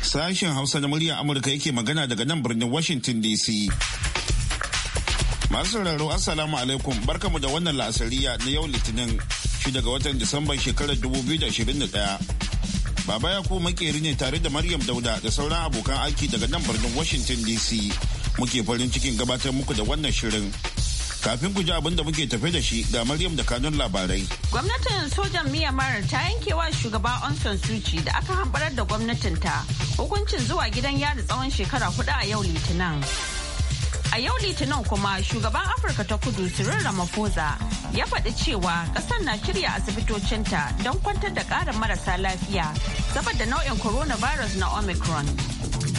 Sashen Hausa na muryar Amurka yake magana daga nan birnin Washington DC. Masu sauraro Assalamu alaikum barkamu da wannan la'asariya na yau Litinin shi daga watan Disamban shekarar 2021. Baba Yakubu makeri ne tare da Maryam Dauda da sauran abokan aiki daga nan birnin Washington DC. Muke farin cikin gabatar muku da wannan shirin. Kafin ku ji abin da muke tafe da shi ga Maryam da kanun labarai. Gwamnatin sojan Myanmar ta yankewa shugaba Aung San Suu Kyi da aka hambarar da gwamnatin ta hukuncin zuwa gidan yari tsawon shekara hudu a yau Litinin. A yau Litinin kuma shugaban Afirka ta kudu Cyril Ramaphosa ya faɗi cewa ƙasar na shirya asibitocinta don kwantar da ƙarin marasa lafiya saboda nau'in coronavirus na Omicron.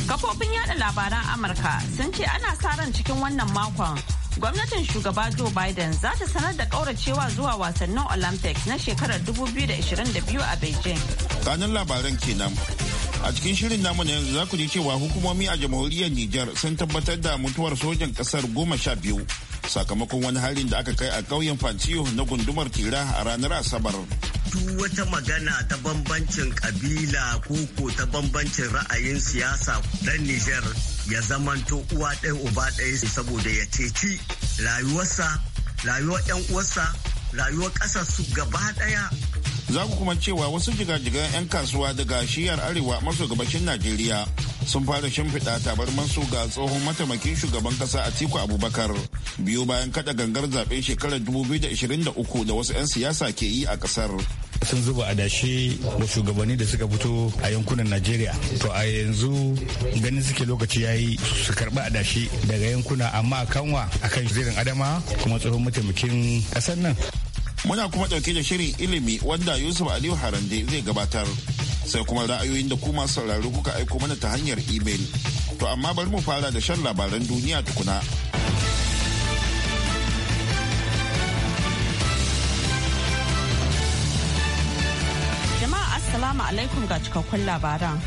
Kafofin yada labaran Amurka sun ce ana sa ran cikin wannan makon gwamnatin shugaba joe biden za ta sanar da kauracewa zuwa wasannin olympics na shekarar 2022 a beijing kanin labaran kenan a cikin shirin namu na yanzu za ku ji cewa hukumomi a jamhuriyar niger sun tabbatar da mutuwar sojan kasar goma sha biyu sakamakon wani harin da aka kai a ƙauyen Fanciyo na gundumar Tira a ranar Asabar. duk wata magana ta bambancin kabila koko ta bambancin ra'ayin siyasa dan Nijar ya zamanto uwa ɗaya uba ɗaya saboda ya ceci rayuwarsa, rayuwar 'yan uwarsa, rayuwar ƙasar su gaba ɗaya. Za ku kuma cewa wasu jiga jigajigan 'yan kasuwa daga shiyar arewa maso gabashin Najeriya sun fara shimfiɗa su ga tsohon mataimakin shugaban kasa Atiku Abubakar biyu bayan kada gangar zaɓen shekarar 2023 da wasu 'yan siyasa ke yi a ƙasar. sun zuba adashi da shugabanni da suka fito a yankunan Najeriya. To a yanzu ganin suke lokaci ya yi su karɓi adashi daga yankuna amma a kanwa a kan zirin Adama kuma tsohon mataimakin ƙasar nan. Muna kuma ɗauke da shirin ilimi wanda Yusuf Aliyu Harande zai gabatar. sai kuma ra'ayoyin da kuma sauraro kuka aiko mana ta hanyar imel. To amma bari mu fara da shan labaran duniya tukuna. Jama'a Assalamu alaikum ga cikakkun labaran.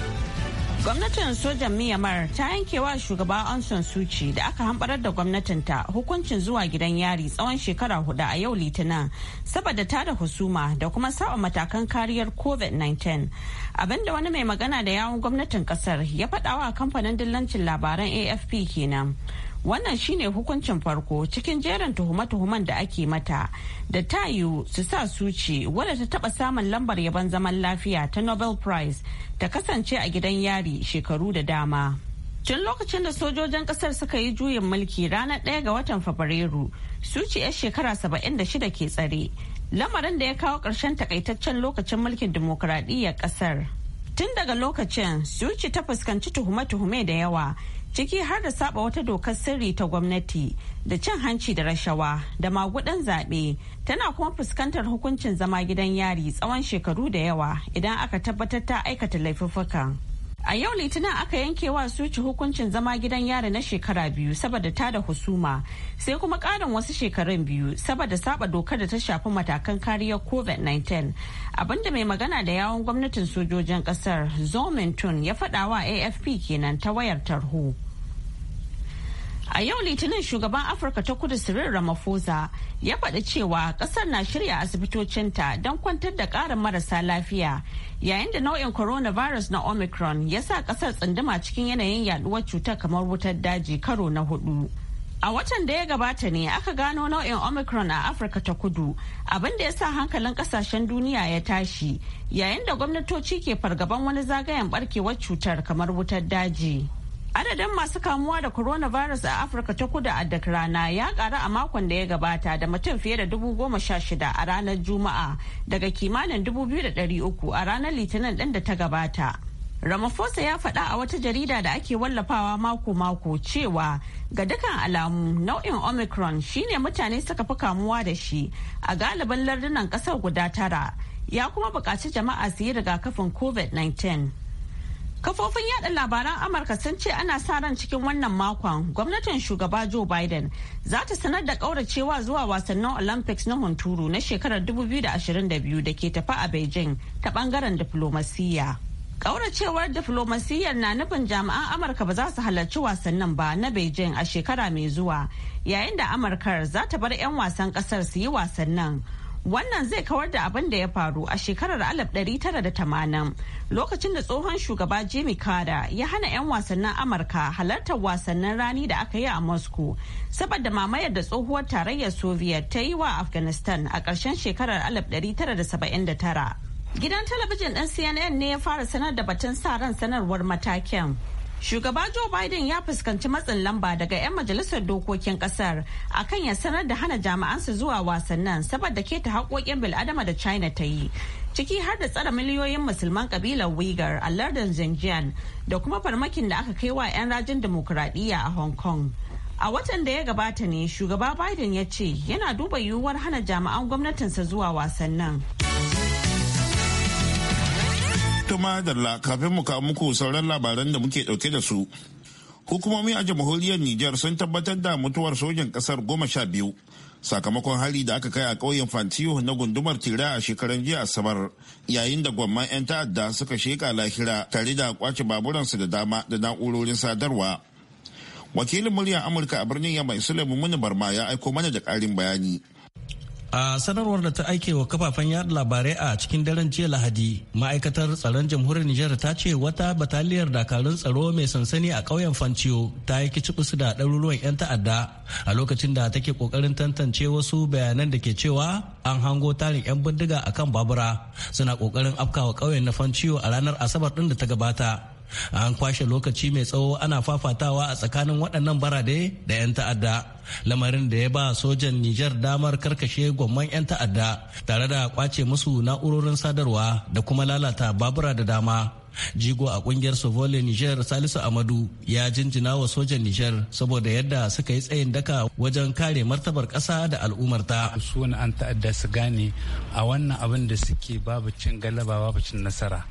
Gwamnatin sojan Myanmar ta yanke wa shugaba Aung San Suu da aka hambarar da gwamnatin ta hukuncin zuwa gidan yari tsawon shekara hudu a yau Litinin saboda ta da husuma da kuma saba matakan kariyar COVID-19. Abinda wani mai magana da yawun gwamnatin kasar ya faɗawa kamfanin dillancin labaran AFP kenan. wannan shine hukuncin farko cikin jerin tuhume-tuhumen da ake mata da ta yiwu su sa suci wadda ta taba samun lambar yaban zaman lafiya ta nobel prize ta kasance a gidan yari shekaru da dama tun lokacin da sojojin kasar suka yi juyin mulki ranar 1 ga watan fabrairu suci 'yar shekara 76 ke tsare lamarin da ya kawo karshen takaitaccen lokacin mulkin dimokuraɗiyyar kasar tun daga lokacin suci ta fuskanci tuhume-tuhume da yawa ciki har da saba wata dokar sirri ta gwamnati da cin hanci da rashawa da magudan zaɓe tana kuma fuskantar hukuncin zama gidan yari tsawon shekaru da yawa idan aka tabbatar ta aikata laifuffukan. A yau Litinin aka yanke wa suci hukuncin zama gidan yari na shekara biyu saboda ta da husuma sai kuma karin wasu shekarun biyu saboda saba dokar da ta shafi matakan kariyar COVID-19. Abinda mai magana da yawon gwamnatin sojojin Kasar Zomintun ya faɗawa AFP kenan ta wayar tarho. A yau Litinin shugaban Afirka ta kudu Cyril Ramaphosa ya faɗi cewa ƙasar na shirya asibitocinta don kwantar da ƙarin marasa lafiya yayin da nau'in coronavirus na Omicron ya sa ƙasar tsunduma cikin yanayin yaduwar cutar kamar wutar daji karo na hudu. A watan da ya gabata ne aka gano nau'in Omicron a Afirka ta kudu abin da ya sa hankalin kasashen duniya ya tashi yayin da gwamnatoci ke fargaban wani zagayen barkewar cutar kamar wutar daji. Adadin masu kamuwa da coronavirus a Afirka ta kudu a duk rana ya karu a makon da ya gabata da mutum fiye da dubu goma sha shida a ranar Juma'a daga kimanin dubu biyu da ɗari uku a ranar Litinin ɗin da ta gabata. Ramaphosa ya faɗa a wata jarida da ake wallafawa mako-mako cewa ga dukkan alamu nau'in Omicron shine mutane suka fi kamuwa da shi a galibin lardunan ƙasar guda tara ya kuma buƙaci jama'a su yi rigakafin COVID-19. Kafofin yaɗa labaran Amurka sun ce ana sa ran cikin wannan makon gwamnatin shugaba Joe Biden za ta sanar da ƙauracewa zuwa wasannin Olympics na hunturu na shekarar 2022 da ke tafa a Beijing ta bangaren diflomasiyya. ƙauracewar diflomasiyyar na nufin jami'an Amurka ba za su halarci wasannin ba na Beijing a shekara mai zuwa yayin da Amurkar za ta bar 'yan wasan kasar su yi wasannin. Wannan zai kawar da abin da ya faru a shekarar 1980 lokacin da tsohon shugaba Jimmy Carter ya hana 'yan wasannin Amurka halartar wasannin rani da aka yi a Moscow saboda mamayar da tsohuwar tarayyar Soviet ta yi wa Afghanistan a ƙarshen shekarar 1979. Gidan talabijin ɗin CNN ne ya fara sanar da batun sa ran sanarwar matakin. Shugaba Joe Biden ya fuskanci matsin lamba daga 'yan majalisar dokokin kasar kan ya sanar da hana jami'ansa zuwa wasannin saboda keta haƙoƙin bil'adama da China ta yi. Ciki har da tsara miliyoyin musulman kabilar Uyghur a lardin Xinjiang da kuma farmakin da aka kai wa 'yan rajin demokuraɗiyya a Hong Kong. A watan da ya gabata ne shugaba Biden ya ce yana duba yiwuwar hana jami'an gwamnatinsa zuwa wasannin. Tuma Dalla kafin mu kawo muku sauran labaran da muke dauke da su. Hukumomi a jamhuriyar Nijar sun tabbatar da mutuwar sojan kasar goma sha biyu sakamakon hali da aka kai a ƙauyen Fantiyo na gundumar Tira a shekaran jiya Asabar yayin da gwamman 'yan ta'adda suka sheka lahira tare da kwace baburansu da dama da na'urorin sadarwa. Wakilin muryar Amurka a birnin Yamai Sulaimu Muni Barma ya aiko mana da ƙarin bayani. a sanarwar da ta aike wa kafafen yada labarai a cikin daren jiya lahadi ma'aikatar tsaron jamhuriyar nijar ta ce wata bataliyar dakarun tsaro mai sansani a ƙauyen fanciyo ta yi kusa da ɗaruruwan 'yan ta'adda a lokacin da take ƙoƙarin tantance wasu bayanan da ke cewa an hango tarin 'yan bindiga akan babura suna ƙoƙarin afkawa ƙauyen na fanciyo a ranar asabar ɗin da ta gabata an kwashe lokaci mai tsawo ana fafatawa a tsakanin waɗannan barade da 'yan ta'adda lamarin da ya ba sojan nijar damar karkashe gwamman 'yan ta'adda tare da kwace musu na'urorin sadarwa da kuma lalata babura da dama jigo a kungiyar sovole niger salisu amadu ya jinjina wa sojan niger saboda yadda suka yi tsayin daka wajen kare martabar kasa da al'ummarta. su an ta'adda su gane a wannan abin da suke babu cin galaba babu cin nasara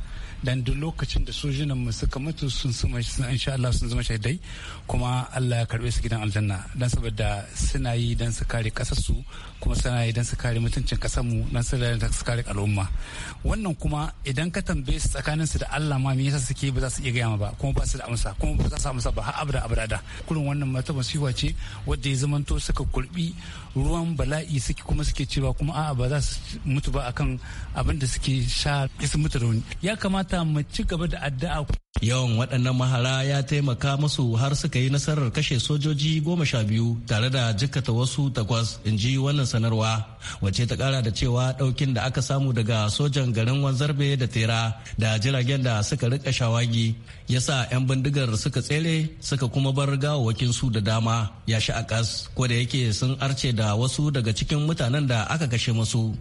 dan duk lokacin da sojinan mu suka mutu sun suma insha Allah sun zama shaidai kuma Allah ya karbe su gidan aljanna dan saboda suna yi dan su kare kasar su kuma suna yi dan su kare mutuncin kasar mu dan su kare al'umma wannan kuma idan ka tambaye su tsakanin su da Allah ma me yasa suke ba za su iya gaya ba kuma ba su da amsa kuma ba za su amsa ba har abada abada kurin wannan mata masiwa ce wanda ya zamanto suka kurbi ruwan bala'i suke kuma suke cewa kuma a'a ba za su mutu ba akan abin da suke sha su mutu rauni ya kamata kamata mu ci gaba da addu'a. Yawan waɗannan mahara ya taimaka musu har suka yi nasarar kashe sojoji goma sha biyu tare da jikata wasu takwas in ji wannan sanarwa wacce ta ƙara da cewa ɗaukin da aka samu daga sojan garin wanzarbe da tera da jiragen da suka rika shawagi ya sa 'yan bindigar suka tsere suka kuma bar gawawakin su da dama ya shi a kas ko da yake sun arce da wasu daga cikin mutanen da aka kashe musu.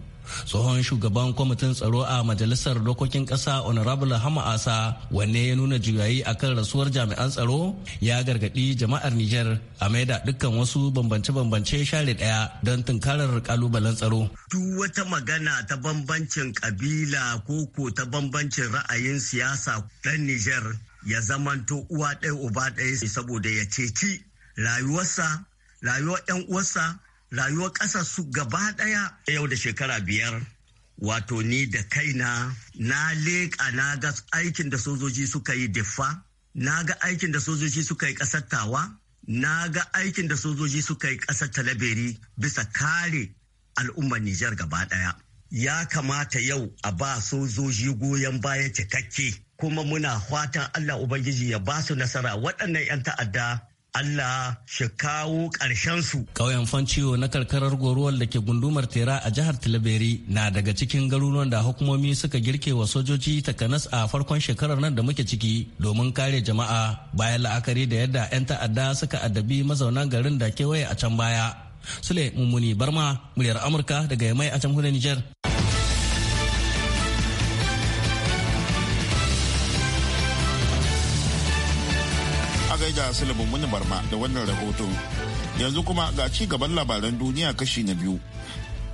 tsohon shugaban kwamitin tsaro a majalisar dokokin kasa honorable hama asa wanne ya nuna juyayi kan rasuwar jami'an tsaro ya gargadi jama'ar niger a maida dukkan wasu bambance-bambance share daya don tunkarar kalubalen tsaro duk wata magana ta bambancin kabila ko ko ta bambancin ra'ayin siyasa ɗan niger ya zamanto uwa ɗaya uba ɗaya saboda ya ceci rayuwarsa rayuwar 'yan uwarsa rayuwar ƙasa su gaba ɗaya yau da shekara biyar wato ni da kaina na leƙa na ga aikin da sojoji suka yi diffa na ga aikin da sojoji suka yi ƙasar tawa na ga aikin da sojoji suka yi ƙasar talaberi bisa kare al'ummar nijar gaba ɗaya ya kamata yau a ba sojoji goyon baya cikakke kuma muna fatan allah ubangiji ya ba su nasara waɗannan 'yan ta'adda Allah shi kawo su. Ƙauyen Fanciyo na karkarar goruwar da ke gundumar Tera a jihar Tilaberi na daga cikin garuruwan da hukumomi suka girke wa sojoji takanas a farkon shekarar nan da muke ciki domin kare jama'a bayan la'akari da yadda 'yan ta'adda suka addabi mazauna garin da kewaye a can baya. Sule Mummuni Barma, muryar Amurka daga Yamai a can Nijar. gaida Sulaiman Muni Barma da wannan rahoton. Yanzu kuma ga ci gaban labaran duniya kashi na biyu.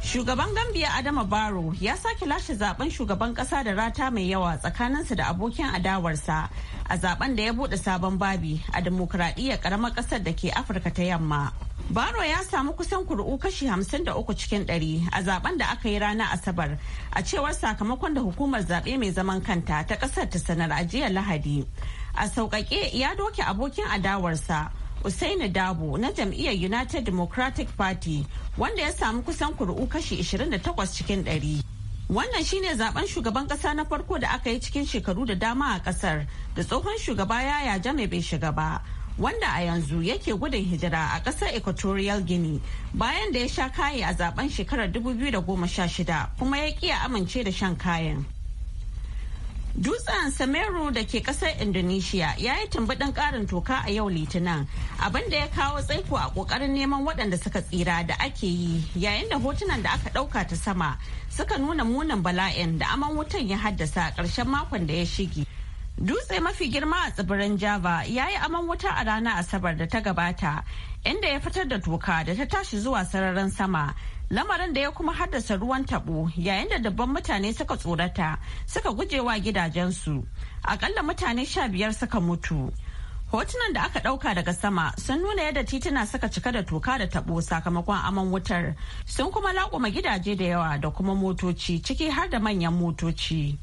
Shugaban Gambia Adama Barrow ya sake lashe zaben shugaban kasa da rata mai yawa tsakaninsa da abokin adawarsa a zaben da ya bude sabon babi a demokradiyyar karamar kasar da ke Afirka ta yamma. Baro ya samu kusan kuri'u kashi 53 cikin 100 a zaben da aka yi rana Asabar a cewar sakamakon da hukumar zaɓe mai zaman kanta ta ƙasar ta sanar a jiya Lahadi. a sauƙaƙe ya doke abokin adawarsa Usaini Dabo na jam'iyyar United Democratic Party wanda ya samu kusan kuri'u kashi 28 cikin 100. Wannan shine zaben shugaban kasa na farko da aka yi cikin shekaru da dama a kasar da tsohon shugaba yaya jame bai shiga ba. Wanda a yanzu yake gudun hijira a ƙasar Equatorial Guinea bayan da ya sha kaye a zaben shekarar 2016 kuma ya ƙiya amince da shan kayan. Dutsen Samero da ke kasar Indonesia ya yi tumbuɗin karin toka a yau Litinin, abin da ya kawo tsaiko a kokarin neman waɗanda suka tsira da ake yi yayin da hotunan da aka ɗauka ta sama suka nuna munin bala'in da aman wutan ya haddasa a ƙarshen makon da ya shige. Dutse mafi girma a tsibirin Java ya yi aman wuta a ranar Asabar da ta gabata, inda ya fitar da toka da ta tashi zuwa sararin sama. lamarin da ya kuma haddasa ruwan tabo yayin da dabban mutane suka tsorata suka gujewa gidajensu akalla mutane sha biyar suka mutu hotunan da aka dauka daga sama sun nuna yadda tituna suka cika da toka da tabo sakamakon aman wutar sun kuma laƙuma gidaje da yawa da kuma motoci ciki har da manyan motoci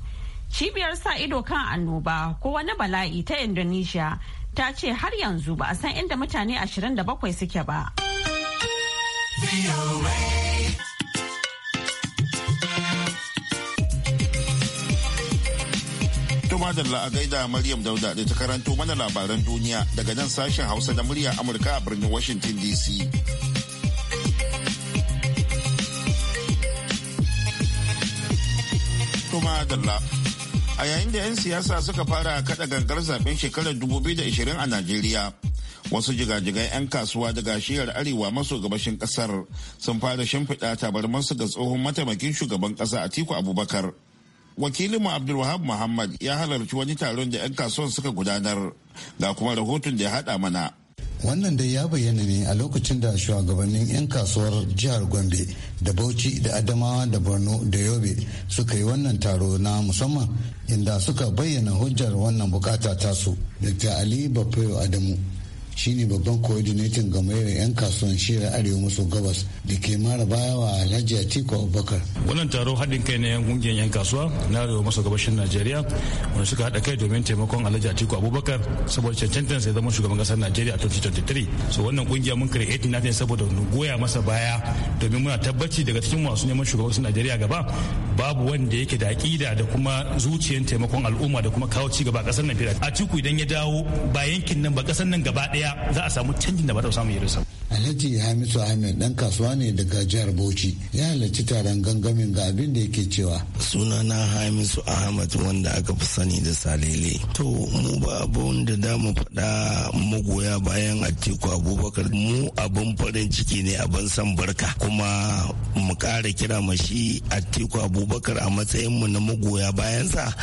cibiyar sa ido kan annoba ko wani bala'i ta indonesia ta ce har yanzu ba a san inda mutane 27 suke ba. madalla a gaida Maryam Dauda da ta karanto mana labaran duniya daga nan sashen Hausa da murya Amurka a birnin Washington DC. A yayin da 'yan siyasa suka fara kada gangar zaben shekarar 2020 a Najeriya. Wasu jigajigai 'yan kasuwa daga shiyar arewa maso gabashin kasar sun fara shimfiɗa tabarmarsu ga tsohon mataimakin shugaban ƙasa Atiku Abubakar. wakilinmu abdulwahab muhammad ya halarci wani taron da 'yan kasuwan suka gudanar ga kuma rahoton da ya haɗa mana wannan dai ya bayyana ne a lokacin da shugabannin 'yan kasuwar jihar gombe da bauchi da adamawa da borno da yobe suka yi wannan taro na musamman inda suka bayyana hujjar wannan bukata tasu dr ali bafayo adamu shine babban coordinating gamayyar 'yan kasuwan shira arewa maso gabas da ke mara baya wa alhaji atiku abubakar wannan taro haɗin kai na 'yan kungiyar 'yan kasuwa na arewa maso gabashin najeriya wanda suka haɗa kai domin taimakon alhaji atiku abubakar saboda cancantar sai zama shugaban ƙasar najeriya a 2023 so wannan kungiya mun kare na ne saboda goya masa baya domin muna tabbaci daga cikin masu neman shugaban ƙasar najeriya gaba babu wanda yake da aƙida da kuma zuciyar taimakon al'umma da kuma kawo ci gaba a ƙasar najeriya atiku idan ya dawo ba yankin nan ba ƙasar nan gaba ɗaya baya za a samu canjin da ba ta samu irinsa alhaji hamisu ahmed dan kasuwa ne daga jihar bauchi ya halarci taron gangamin ga abin da yake cewa sunana hamisu ahmad wanda aka fi sani da salele to mu ba abun da da mu faɗa magoya bayan atiku abubakar mu abin farin ciki ne abin san barka kuma mu ƙara kira mashi atiku abubakar a matsayin mu na magoya bayansa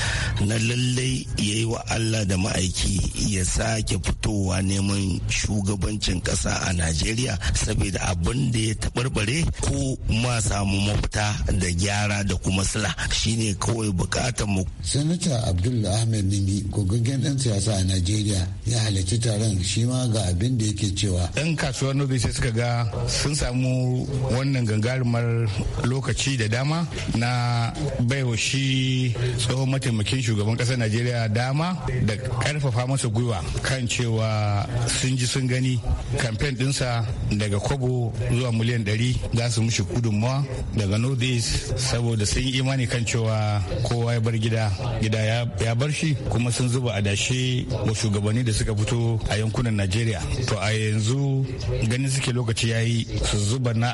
na lallai ya yi wa allah da ma'aiki ya sake fitowa neman shugabancin ƙasa a najeriya najeriya saboda abin da ya taɓarɓare ko ma samu mafita da gyara da kuma sula shine kawai bukatar mu sanata abdullah ahmed nimi gogaggen dan siyasa a najeriya ya halarci taron shi ma ga abin da yake cewa yan kasuwar nobe sai suka ga sun samu wannan gangarumar lokaci da dama na baiwa shi tsohon mataimakin shugaban kasar najeriya dama da karfafa masa gwiwa kan cewa sun ji sun gani kamfen ɗinsa. daga kobo zuwa miliyan 100 za su mushi gudunmawa daga northeast saboda sun yi imani kan cewa kowa ya bar gida gida ya bar shi kuma sun zuba dashe wa shugabanni da suka fito a yankunan najeriya to a yanzu ganin suke lokaci ya yi su zuba na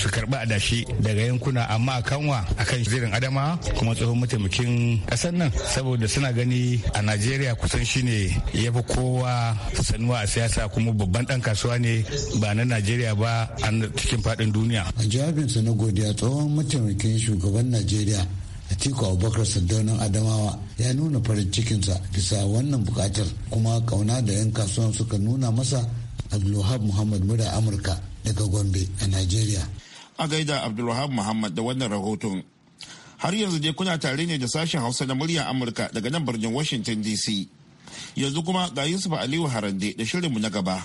su karba adashe daga yankuna amma a kanwa a kan zirin adama kuma tsohon mataimakin kasar nan saboda suna gani a najeriya kusan shine ya fi kowa sanuwa a siyasa kuma babban dan kasuwa ne ba na najeriya ba a cikin faɗin duniya a jawabinsa na godiya tsohon mataimakin shugaban najeriya Atiku Abubakar Sardaunan Adamawa ya nuna farin cikinsa bisa wannan bukatar kuma kauna da 'yan kasuwan suka nuna masa Abdulwahab Muhammad Mura Amurka daga Gombe a Najeriya. A gaida Abdulwahab Muhammad da wannan rahoton. Har yanzu dai kuna tare ne da sashen Hausa na murya Amurka daga nan birnin Washington DC. Yanzu kuma ga Yusuf Aliyu Harande da shirinmu na gaba.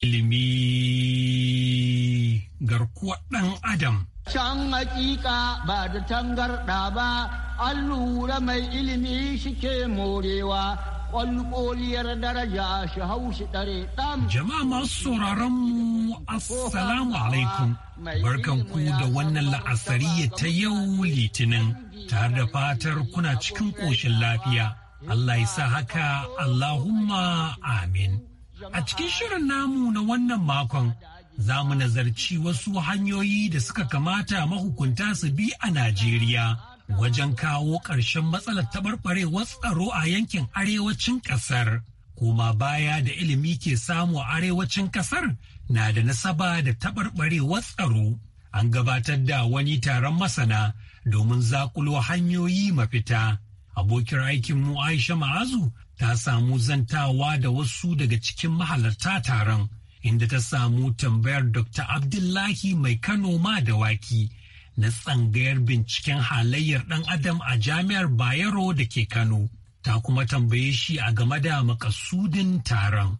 ilimi garkuwa ɗan adam. Can hakika ba da tangarɗa ba, an lura mai ilimi shike morewa, ƙwalƙoliyar daraja shi haushi ɗare ɗan. Jama'a masu sauraron mu, Assalamu alaikum, barkan ku da wannan la'asariya ta yau litinin, tare da fatar kuna cikin ƙoshin lafiya. Allah ya sa haka, Allahumma amin. A cikin shirin namu na wannan makon za mu nazarci wasu hanyoyi da suka kamata mahukunta su bi a Najeriya wajen kawo ƙarshen matsalar taɓarɓarewar tsaro a yankin arewacin ƙasar. kuma baya da ilimi ke samu a arewacin ƙasar na da nasaba da taɓarɓarewar tsaro. An gabatar da wani taron masana domin zakulo hanyoyi mafita. Abokin aikinmu Aisha Ma'azu ta samu zantawa da wasu daga cikin mahalarta taron inda ta samu tambayar Dr. Abdullahi mai Kano ma da waki na tsangayar binciken halayyar ɗan adam a jami'ar Bayero da ke Kano. Ta kuma tambaye shi a game da makasudin taron.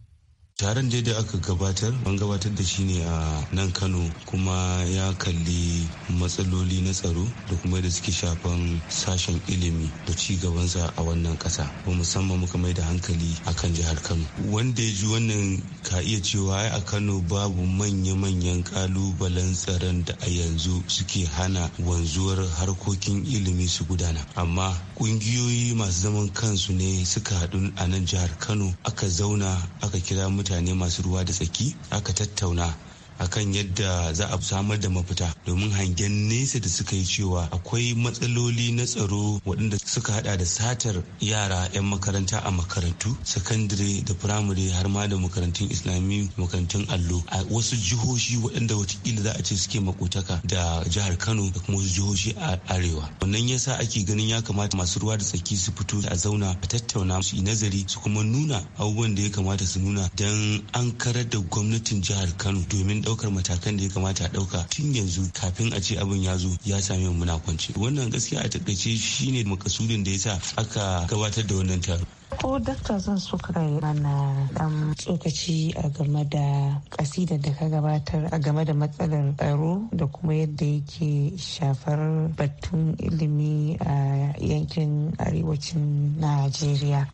taron dai da aka gabatar an gabatar da shi ne a nan kano kuma ya kalli matsaloli na tsaro da kuma da suke shafan sashen ilimi da ci gabansa a wannan kasa ba musamman muka mai da hankali a kan jihar kano wanda ya ji wannan ka iya cewa a kano babu manya-manyan kalubalen tsaron da a yanzu suke hana wanzuwar harkokin ilimi su gudana amma ƙungiyoyi masu zaman kansu ne suka haɗu a nan jihar kano aka zauna aka kira mutane masu ruwa da tsaki aka tattauna akan yadda za a samar da mafita domin hangen nesa da suka yi cewa akwai matsaloli na tsaro waɗanda suka hada da satar yara 'yan makaranta a makarantu sakandare da firamare har ma da makarantun islami makarantun allo a wasu jihohi waɗanda watakila za a ce suke makotaka da jihar kano da kuma wasu jihohi a arewa wannan yasa ake ganin ya kamata masu ruwa da tsaki su fito a zauna a tattauna su nazari su kuma nuna abubuwan da ya kamata su nuna don an karar da gwamnatin jihar kano domin daukar matakan da ya kamata a dauka tun yanzu kafin a ce abin ya zo ya sami mu na kwance wannan gaskiya a takaice shine makasudin da ya sa aka gabatar da wannan taro ko dakta zan so ka mana dan tsokaci a game da kasidar da ka gabatar a game da matsalar tsaro da kuma yadda yake shafar batun ilimi a yankin arewacin najeriya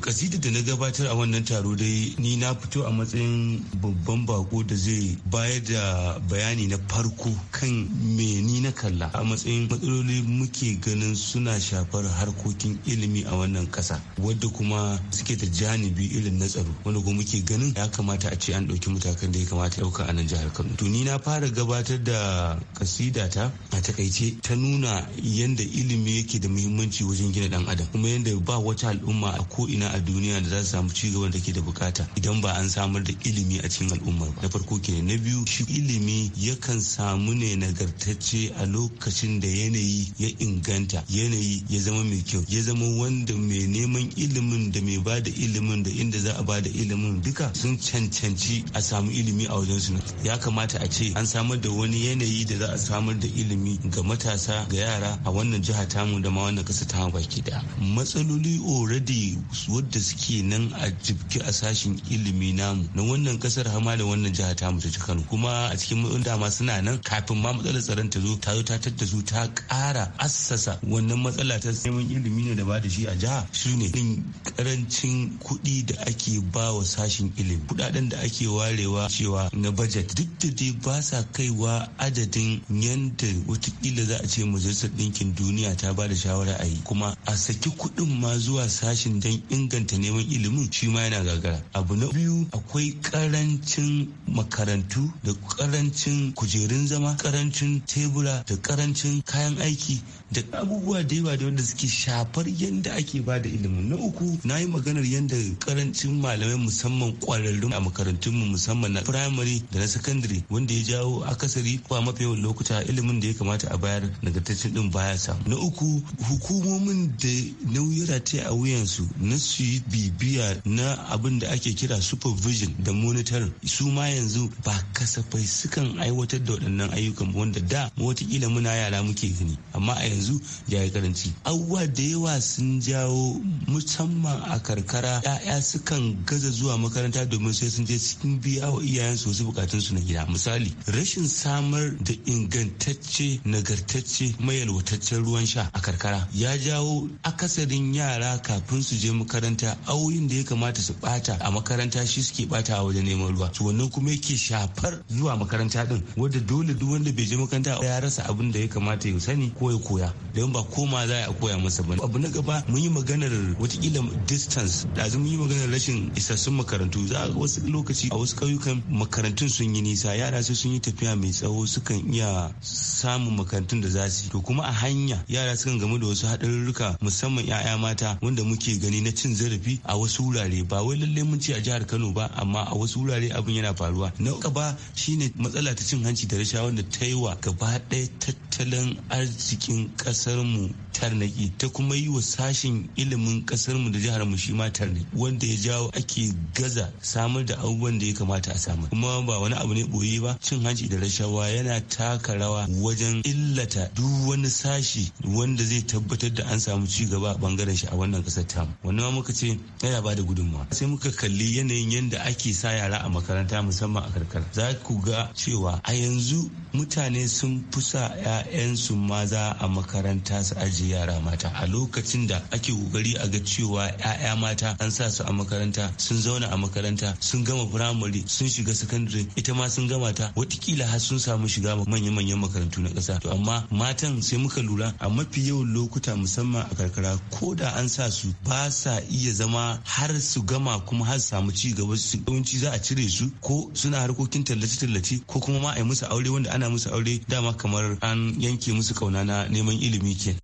kasidar da na gabatar a wannan taro dai ni na fito a matsayin babban bako da zai bayar da bayani na farko kan me ni na kalla a matsayin matsaloli muke ganin suna shafar harkokin ilimi a wannan kasa wadda kuma suke da janibi irin na tsaro wanda kuma muke ganin ya kamata a ce an ɗauki matakan da ya kamata ɗauka a nan jihar Kano to ni na fara gabatar da kasida ta a takaice ta nuna yadda ilimi yake da muhimmanci wajen gina dan adam kuma yadda ba wata al'umma a ko ina ko'ina a duniya da za su samu cigaban da ke da bukata idan ba an samar da ilimi a cikin al'ummar ba na farko ke na biyu shi ilimi yakan samu ne nagartacce a lokacin da yanayi ya inganta yanayi ya zama mai kyau ya zama wanda mai neman ilimin da mai ba da ilimin da inda za a ba da ilimin duka sun cancanci a samu ilimi a wajen su ya kamata a ce an samar da wani yanayi da za a samar da ilimi ga matasa ga yara a wannan jiha tamu da ma wannan kasa tamu baki da matsaloli already wadda suke nan a jibki a sashen ilimi namu na wannan kasar hama da wannan jiha ta mutu ta Kano kuma a cikin matsalolin dama suna nan kafin ma matsalar tsaron ta zo ta zo ta tadda su ta kara assasa wannan matsala ta neman ilimi ne da ba da shi a jiha shine din karancin kuɗi da ake ba wa sashen ilimi kuɗaɗen da ake warewa cewa na bajet duk da dai ba sa kaiwa adadin yanda watakila za a ce majalisar ɗinkin duniya ta ba da shawara a yi kuma a saki kuɗin ma zuwa sashen don in inganta neman ilimin shi ma yana gagara abu na biyu akwai karancin makarantu da karancin kujerun zama karancin tebura da karancin kayan aiki da abubuwa da yawa da wanda suke shafar yadda ake ba da ilimi na uku na yi maganar yadda karancin malamai musamman kwararrun a makarantunmu musamman na firamare da na sakandare wanda ya jawo akasari ba mafi yawan lokuta ilimin da ya kamata a bayar nagartaccen din baya samu na uku hukumomin da nauyi rataya a wuyansu na su yi bibiya na abin da ake kira supervision da monitor su ma yanzu ba kasafai sukan aiwatar da waɗannan ayyukan wanda da watakila muna yara muke gani amma a yanzu yanzu ya yi karanci abubuwa da yawa sun jawo musamman a karkara ya'ya sukan gaza zuwa makaranta domin sai sun je cikin biya wa iyayen su wasu bukatun su na gida misali rashin samar da ingantacce nagartacce mayalwataccen ruwan sha a karkara ya jawo akasarin yara kafin su je makaranta auyin da ya kamata su bata a makaranta shi suke bata wajen neman ruwa to wannan kuma yake shafar zuwa makaranta din wanda dole duk wanda bai je makaranta ya rasa abin da ya kamata ya sani ko ya koya don ba koma za a koya masa ba abu na gaba mun yi maganar watakila distance da mun yi maganar rashin isassun makarantu za a wasu lokaci a wasu ƙauyukan makarantun sun yi nisa yara sai sun yi tafiya mai tsawo sukan iya samun makarantun da za su to kuma a hanya yara sukan gamu da wasu haɗarurruka musamman 'ya'ya mata wanda muke gani na cin zarafi a wasu wurare ba wai lalle mun ce a jihar Kano ba amma a wasu wurare abin yana faruwa na gaba shine matsala ta cin hanci da rashawa wanda ta yi wa gaba ɗaya tattalin arzikin ƙasarmu tarnaki ta kuma yi wa sashen ilimin kasar da jihar mu shi ma tarnaki wanda ya jawo ake gaza samar da abubuwan da ya kamata a samar kuma ba wani abu ne boye ba cin hanci da rashawa yana taka rawa wajen illata duk wani sashi wanda zai tabbatar da an samu ci gaba a bangaren shi a wannan kasar tamu wannan muka ce yana ba da gudunmawa sai muka kalli yanayin yadda ake sa yara a makaranta musamman a karkara za ku ga cewa a yanzu mutane sun fi 'ya'yansu maza a makaranta su aji yara mata a lokacin da ake kokari a ga cewa 'ya'ya mata an sa su a makaranta sun zauna a makaranta sun gama firamare sun shiga sakandare ita ma sun gama ta watakila har sun samu shiga manya-manyan makarantu na ƙasa to amma matan sai muka lura a mafi yawan lokuta musamman a karkara ko da an sa su ba sa iya zama har su gama kuma har su samu ci gaba su yawanci za a cire su ko suna harkokin tallace-tallace ko kuma ma a yi musu aure wanda ana musu aure dama kamar an yanke musu kauna na neman ilimi ke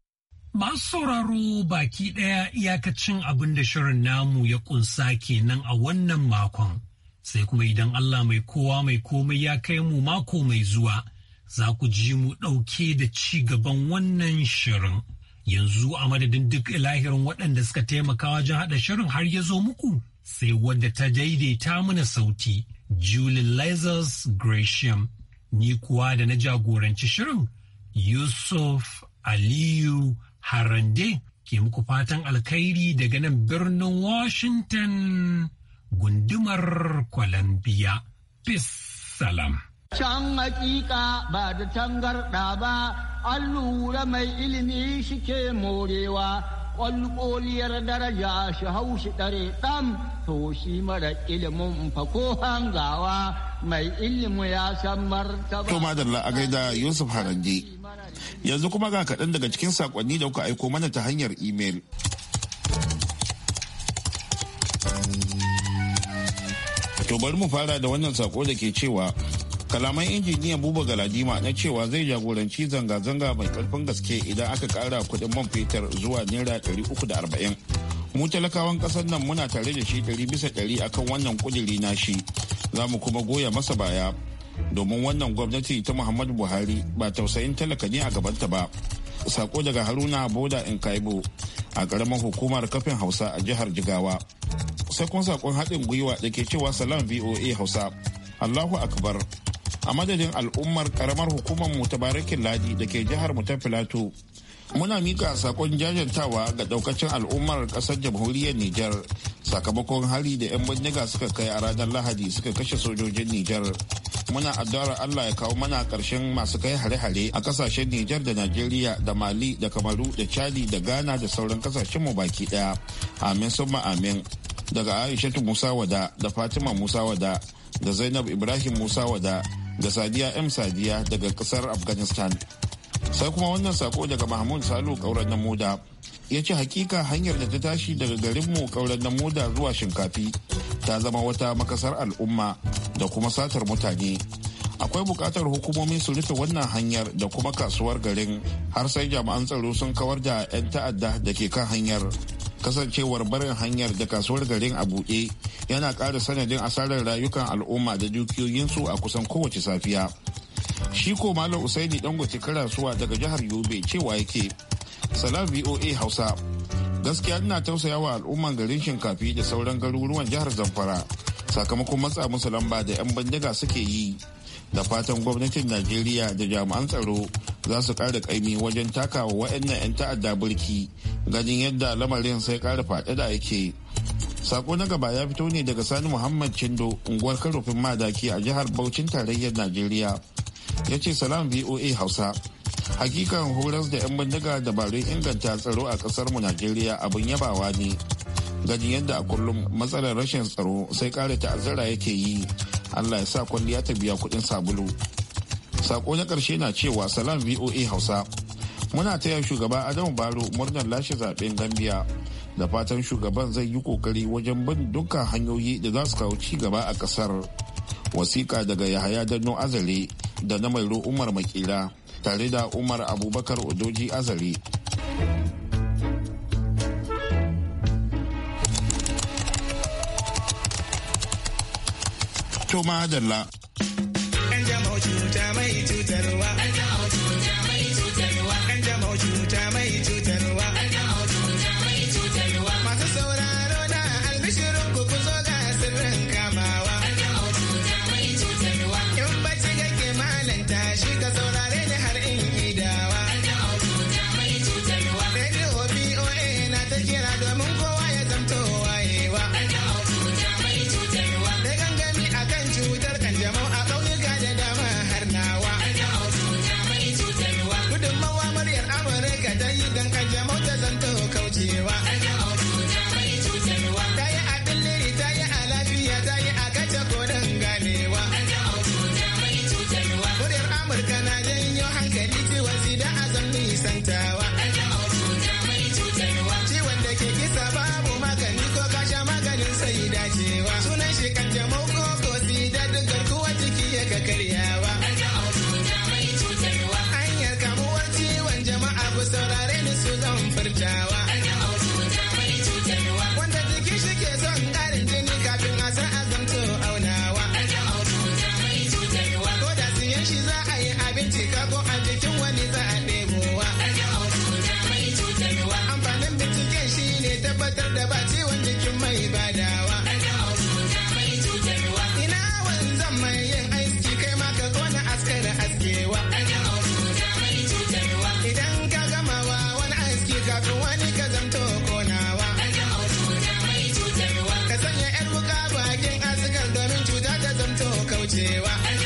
Masu sauraro baki ɗaya iyakacin abin da shirin namu ya ƙunsa kenan a wannan makon, sai kuma idan Allah mai kowa mai komai ya kai mu mako mai zuwa, za ku ji mu ɗauke da ci gaban wannan shirin. Yanzu a madadin duk ilahirin waɗanda suka taimaka wajen haɗa shirin har ya zo muku, sai wadda ta daidaita mana sauti, Julie Lazarus Gresham, ni kuwa da na jagoranci shirin, Yusuf Aliyu. Harande ke muku fatan alkhairi daga nan birnin Washington gundumar Columbia. Peace salam. Can hakika ba da tangarda ba, an lura mai ilimi shike morewa, ƙwalƙoliyar daraja shi hau shi ɗare ɗan to shi mara ilimin fa hangawa mai ilimi ya san martaba. To madalla a gaida Yusuf Harande. yanzu kuma ga kaɗan daga cikin saƙonni da kuka aiko mana ta hanyar imel. To bari mu fara da wannan sako da ke cewa kalaman injiniyan buba galadima na cewa zai jagoranci zanga-zanga mai karfin gaske idan aka kara kuɗin man fetur zuwa naira uku da arba'in mu talakawan ƙasar nan muna tare da shi 100 bisa 100 akan wannan kudiri na shi za mu kuma goya masa baya domin wannan gwamnati ta muhammadu buhari ba tausayin talaka ne a gabanta ba sako daga haruna boda in kaibo a karamar hukumar kafin hausa a jihar jigawa sai sakon haɗin gwiwa da ke cewa salam voa hausa allahu akbar a madadin al'ummar ƙaramar hukumar mu ta barakin ladi da ke jihar mu ta filato muna mika sakon jajantawa ga ɗaukacin al'ummar kasar jamhuriyar Nijar sakamakon hari da 'yan bindiga suka kai a ranar Lahadi suka kashe sojojin Nijar muna addu'ar Allah ya kawo mana ƙarshen masu kai hare-hare a ƙasashen Nijar da Najeriya da Mali da Kamaru da Chadi da Ghana da sauran ƙasashen mu baki ɗaya. Amin summa amin. Daga Aishatu Musa Wada da Fatima Musa Wada da Zainab Ibrahim Musa Wada da Sadiya M Sadiya daga ƙasar Afghanistan. sai kuma wannan sako daga mahmud salu kauran na ya ce hakika hanyar da ta tashi daga garinmu kauran na moda zuwa shinkafi ta zama wata makasar al'umma da kuma satar mutane akwai bukatar hukumomi su rufe wannan hanyar da kuma kasuwar garin har sai jami'an tsaro sun kawar da 'yan ta'adda da ke kan hanyar kasancewar barin hanyar da kasuwar garin a buɗe yana ƙara sanadin asarar rayukan al'umma da dukiyoyinsu a kusan kowace safiya shi ko malam usaini dangote karasuwa daga jihar yobe cewa yake salam voa hausa gaskiya ina tausaya wa al'umman garin shinkafi da sauran garuruwan jihar zamfara sakamakon matsa musu lamba da 'yan bandiga suke yi da fatan gwamnatin najeriya da jami'an tsaro za su ƙara ƙaimi wajen takawa wa'annan 'yan ta'adda burki ganin yadda lamarin sai ƙara da yake sako na gaba ya fito ne daga sani muhammad chindo unguwar karofin madaki a jihar baucin tarayyar najeriya ya ce salam voa hausa hakikan horas da 'yan bindiga dabarun inganta tsaro a kasarmu najeriya abin yabawa ne gani yadda a kullum matsalar rashin tsaro sai kare ta'azzara yake yi allah ya sa kwalliya ta biya kudin sabulu sako na karshe na cewa salam voa hausa muna taya shugaba adamu baro murnar lashe zaben gambia da fatan shugaban zai yi kokari wajen bin dukkan hanyoyi da za su kawo ci gaba a kasar wasiƙa daga yahaya Dano azare da na mairo umar makila tare da umar abubakar odoji azare to madalla Yau hankali ciwon sida a zan nisantawa. kaucewa.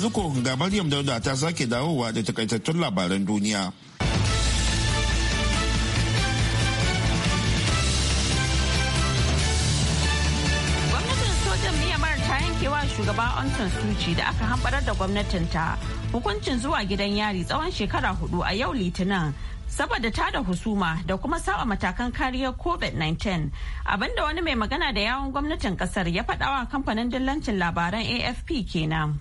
yanzu ko ga Maryam Dauda ta sake dawowa da takaitattun labaran duniya. yankewa shugaba Aung Suci da aka hambarar da gwamnatin ta hukuncin zuwa gidan yari tsawon shekara hudu a yau litinin saboda ta da husuma da kuma saba matakan kariyar covid-19 abinda wani mai magana da yawon gwamnatin kasar ya faɗawa kamfanin dillancin labaran afp kenan.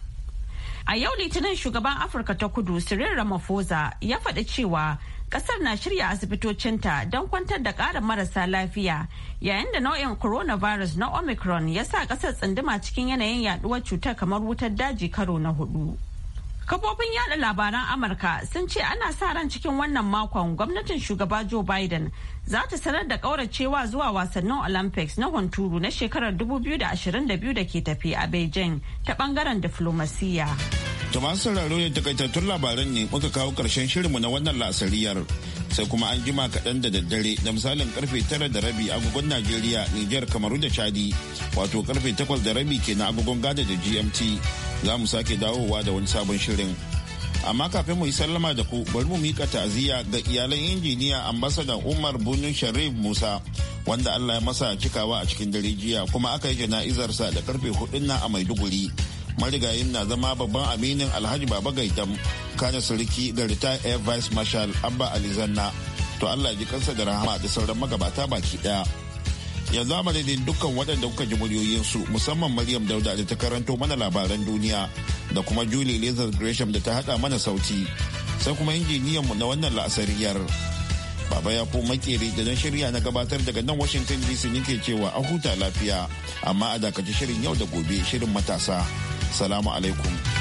A yau Litinin shugaban Afirka ta kudu Cyril Ramaphosa ya faɗi cewa ƙasar na shirya asibitocinta don kwantar da ƙarin marasa lafiya yayin da nau'in coronavirus na Omicron ya sa ƙasar tsunduma cikin yanayin yaduwar cutar kamar wutar daji karo na hudu. Kafofin yada labaran Amurka sun ce ana sa ran cikin wannan makon gwamnatin shugaba Joe Biden za ta sanar da kauracewa zuwa wasannin olympics na hunturu na shekarar 2022 da ke tafi a beijing ta bangaren diflomasiya. ta masu sauraro da takaitattun labaran ne muka kawo karshen shirinmu na wannan lasariyar sai kuma an jima kaɗan da daddare da misalin karfe tara da rabi agogon Najeriya, Nijar, Kamaru da Chadi wato karfe takwas da rabi kenan agogon Gada da GMT za mu sake dawowa da wani sabon shirin. amma kafin mu yi sallama da ku bari mu mika ta'aziyya ga iyalan injiniya ambasadan umar bunun sharif musa wanda allah ya masa cikawa a cikin dare jiya kuma aka yi jana'izarsa da karfe hudun na a maiduguri marigayin na zama babban aminin alhaji baba gaitam kana sarki da rita air vice marshal abba alizanna to allah ji kansa da rahama da sauran magabata baki daya yanzu a madadin dukkan waɗanda kuka ji muryoyinsu musamman maryam dauda da ta karanto mana labaran duniya da kuma julie lizard gresham da ta haɗa mana sauti sai kuma injiniyan mu na wannan la'asariyar baba ya ko makeri da don shirya na gabatar daga nan washington dc nike cewa a huta lafiya amma a dakaci shirin yau da gobe shirin matasa salamu alaikum